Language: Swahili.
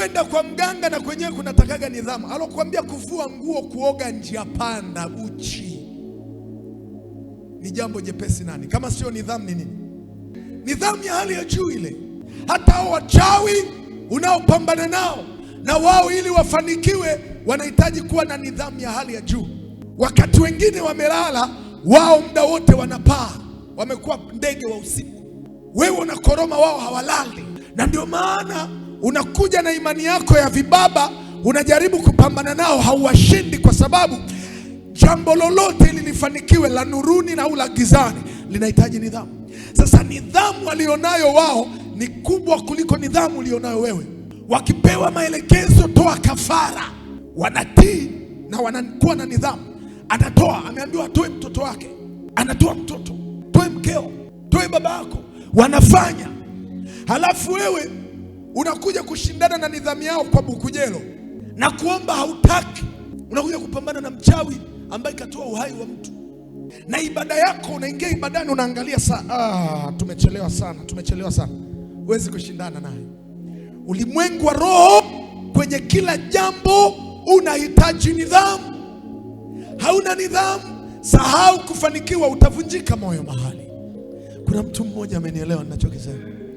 kwenda kwa mganga na kwenyewe kunatakaga nidhamu. Alokuambia kuvua nguo, kuoga njia panda uchi ni jambo jepesi nani kama sio nidhamu? Ni nini? Nidhamu ya hali ya juu ile. Hata hao wachawi unaopambana nao na wao, ili wafanikiwe, wanahitaji kuwa na nidhamu ya hali ya juu. Wakati wengine wamelala, wao muda wote wanapaa, wamekuwa ndege wa usiku. Wewe unakoroma, wao hawalali, na ndio maana unakuja na imani yako ya vibaba, unajaribu kupambana nao, hauwashindi kwa sababu jambo lolote lilifanikiwe la nuruni au la gizani linahitaji nidhamu. Sasa nidhamu walionayo wao ni kubwa kuliko nidhamu ulionayo wewe. Wakipewa maelekezo, toa kafara, wanatii na wanakuwa na nidhamu. Anatoa, ameambiwa atoe mtoto wake, anatoa mtoto, toe mkeo, toe baba yako, wanafanya halafu wewe unakuja kushindana na nidhamu yao kwa Bukujelo na kuomba hautaki, unakuja kupambana na mchawi ambaye katoa uhai wa mtu na ibada yako unaingia ibadani, unaangalia saa, ah, tumechelewa sana, tumechelewa sana. Huwezi kushindana naye. Ulimwengu wa roho, kwenye kila jambo unahitaji nidhamu. Hauna nidhamu, sahau kufanikiwa, utavunjika moyo mahali. Kuna mtu mmoja amenielewa ninachokisema.